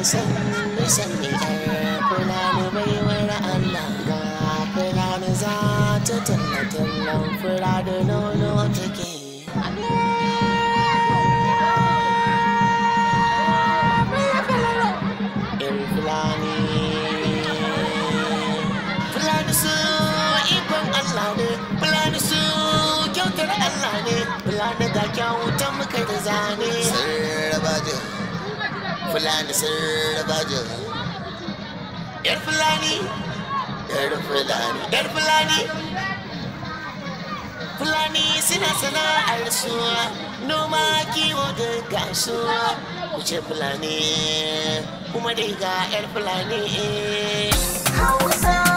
i sanni not ni baiwar Allah ga fulani sun raba jin yar fulani yar fulani yar fulani fulani suna sana'ar su noma kiwo da kasuwa wuce fulani kuma dai ga yar fulani eh. hausa